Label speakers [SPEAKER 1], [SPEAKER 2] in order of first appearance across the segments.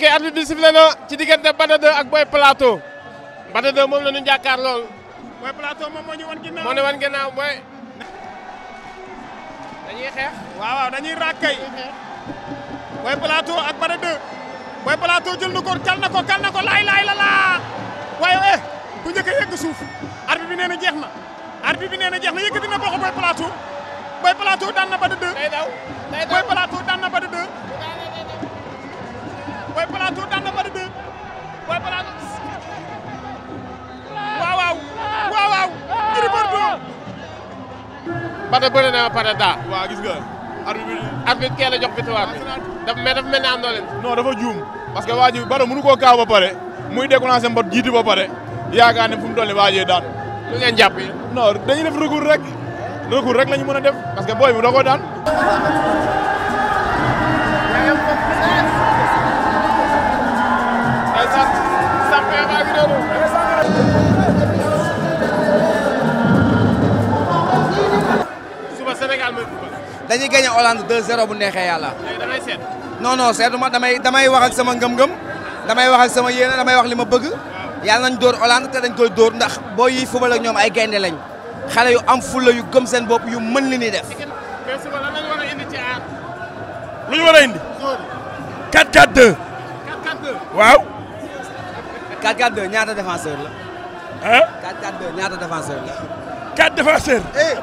[SPEAKER 1] ok arbitre bi sifflé ci diggante Bada 2 ak Boy Plateau Bada 2 moom la ñu jàkkaar lool. Boy Plateau moom moo ñu wan ginnaaw moo ñu wan ginnaaw Boy. dañuy xeex waaw waaw dañuy rakkay Boy Plateau ak Bada 2 Boy Plateau jël na ko kal na ko kal na ko laay laay la laa waaye eh ku njëkk a suuf arbitre bi nee na jeex na arbitre bi nee na jeex na yëkkati na boxo Boy Plateau Boy Plateau daan na Bada 2 ndax da na ba pare daa. waaw gis nga. arbitre bi arbitre kee la jox victoire bi. daf mais daf mel ne àndoo leen. non dafa juum parce que waa ji Bada mënu koo kaaw ba pare muy déclenché mbot jiitu ba pare yaakaar ne fu mu toll nii waa jee daan. lu ngeen jàpp def recours rek recours rek la ñu mën a def parce que booy bi da koo daan. dañuy gagné Hollande 2-0 bu neexee yàlla. damay seet. non non seetu damay damay wax ak sama ngëm-ngëm damay wax sama yéene damay wax li ma bëgg yàlla nañ dóor Hollande te dañ koy dóor ndax boo yi fubal ñoom ay gaynde lañ xale yu am fulla yu gëm seen bopp yu mën li ñuy def. lu ñu war a indi. 4-4-2. waaw. 4-4-2 ñaata défenseur la. ah. 4 4 la.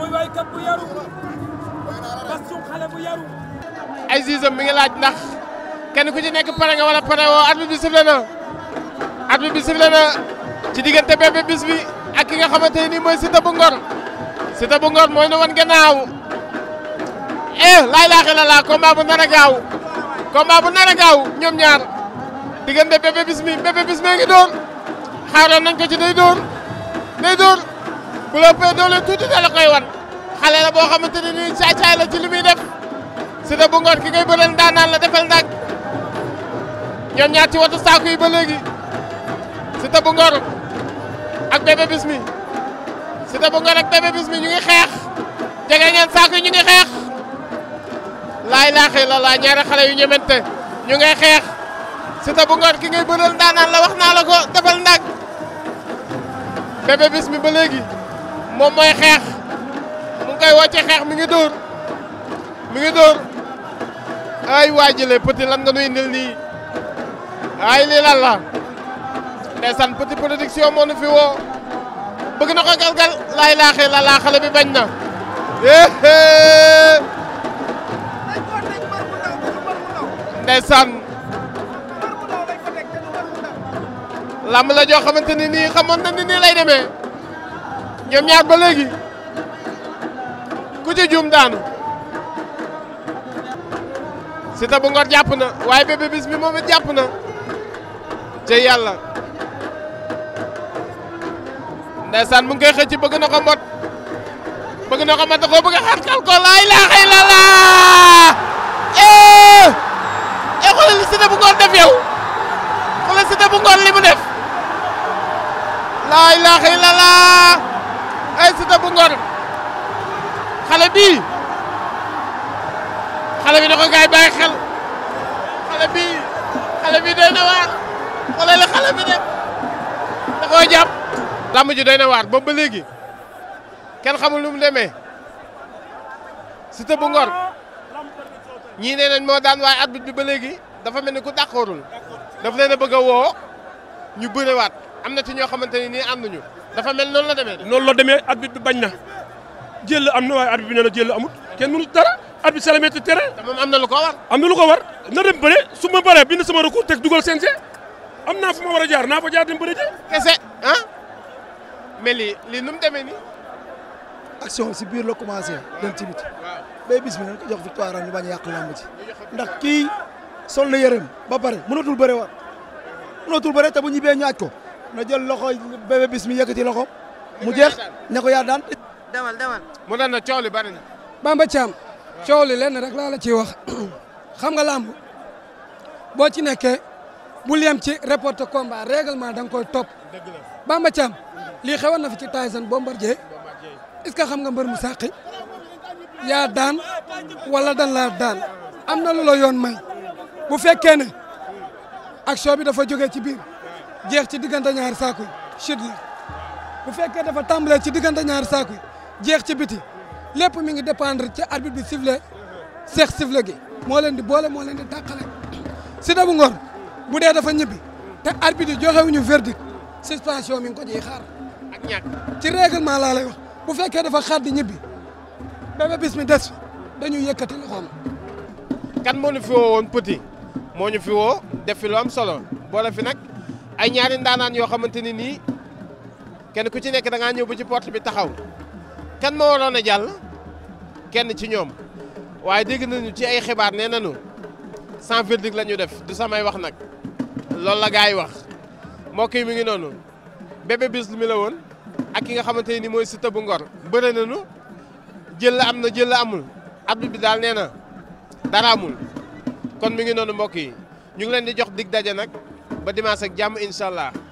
[SPEAKER 1] muy waykat bu yaru basum xale ay zizam mi ngi laaj ndax kenn ku ci nekk pare nga wala pare woo arbitre bi na arbitre bi na ci diggante Bébé Bismi ak ki nga xamante ne nii mooy Siteu bu Ngor Siteu bu Ngor mooy ne wan gannaaw eh laay laaxi la laa a gaaw a gaaw ñoom ñaar diggante Bébé Bismi Bébé Bismi ngi dóor nañ ko ci day dóor day bu la pee doole tuuti da la koy wan xale la boo xamante ne nii caacaay la ci li muy def Siteu bu Ngor ki ngay bëreel daanaan la defal nag ñoom ñaar watu saako yi ba léegi Siteu bu Ngor ak Bébé Bismi Siteu bu Ngor ak Bébé Bismi ñu ngi xeex jege ngeen saako yi ñu ngi xeex laay laaxee la laa ñaari xale yu ñemente ñu ngay xeex Siteu bu Ngor ki ngay bëreel daanaan la wax naa la ko defal nag Bébé Bismi ba léegi mom moy xex mu ngay wacce xex mi ngi dur mi ngi dur ay wajile Petit lan nga nuy ndil ni ay li lan la ndeysaan Petit production mo nu fi wo bëgg na ko gal laay laaxee la la xale bi bañ na eh, eh. lam la jo xamanteni ni ni lay ñoom ñaar ba léegi ku ci daanu Siteu bu jàpp na waaye Bébé Bismi moom it jàpp na ca yàlla ndeysaan mu ngi koy xëcc bëgg na ko mot bëgg na ko mot da ko laa ilaaha illallaah eh eh xoolal li Siteu def yow xoolal Siteu bu li mu def laa ilaaha illallaah ay Siteu bu Ngor xale bi xale bi da ko gay bàyyi xel xale bi xale bi doy na war wala la xale bi dem da ko japp làmb ju doy na war boobu ba legi ken xamul lu mu demee Siteu bu Ngor ñi nee nañ moo daan way arbitre bi ba legi dafa melni ku d'accordul daf leena bëgg wo ñu bëre wat amna ci ño xamanteni ni nii dafa mel noonu la demee de. noonu la demee arbitre bi bañ na jël am na waaye arbitre bi nee na jël amut kenn mënut dara arbitre salamete tere. te moom na lu ko war. am na lu ko war na dem bëre su ma bëree bind sama recours teg dugal CNG am naa fu ma war a jaar naa fa jaar dem bëre ji. kese ah mais lii lii nu mu demee nii. action si biir la commencé ah. dem ci biti bay bis jox victoire am bañ a yàq làmb ndax kii sol na yërëm ba pare mënatul bëre war mënatul bëre te bu ñibbee ñu aj ko. na jël loxo bébé bis mi ci loxo mu jeex ña ko yaa daan. demal demal. na coow li bari na. Bamba Thiam coow li lenn rek laa la ciy wax xam nga làmb boo ci nekkee bu yem ci reporté combat règlement da nga koy top Bamba Thiam lii xewoon na fi ci Tyson Bombardier est-ce xam nga mbër mu sàqi yaa daan wala dan laa daan am na lu yoon may bu fekkee ne action bi dafa jóge ci biir. jeex ci diggante ñaar saaku shit chute la bu fekké dafa tambalé ci diggante ñaar saaku jeex ci biti lepp mi ngi dépendre ci arbitre bi sifflé cheikh sifflé gi mo leen di bolé mo leen di tàqale Siteu bu Ngor bu dé dafa ñibi té arbitre joxé wuñu verdict suspension mi ngi ko jé xaar ak ñak ci règlement la lay wax bu fekké dafa xaar di ñibi Bébé Bismi des fi dañuy yëkkati loxoom kan mo ñu fi woo woon petit mo ñu fi wo def fi lu am solo bolé fi nak ay ñaari ndaanaan yoo xamante ni nii kenn ku ci nekk da ngaa ñëw ba ci porte bi taxaw kenn moo waroon a jàll kenn ci ñoom waaye dégg nañu ci ay xibaar nee nañu san verdict la def du samay wax nag loolu la gars yi wax mbokk yi mi ngi noonu bébé bis mi woon ak ki nga xamante ni mooy Siteu bu Ngor bëre nañu jël la am na jël amul arbitre bi daal nee na dara amul kon mi ngi noonu mbokk yi ñu ngi leen di jox dig daje nag. ba dimanche ak jàmm incha allah.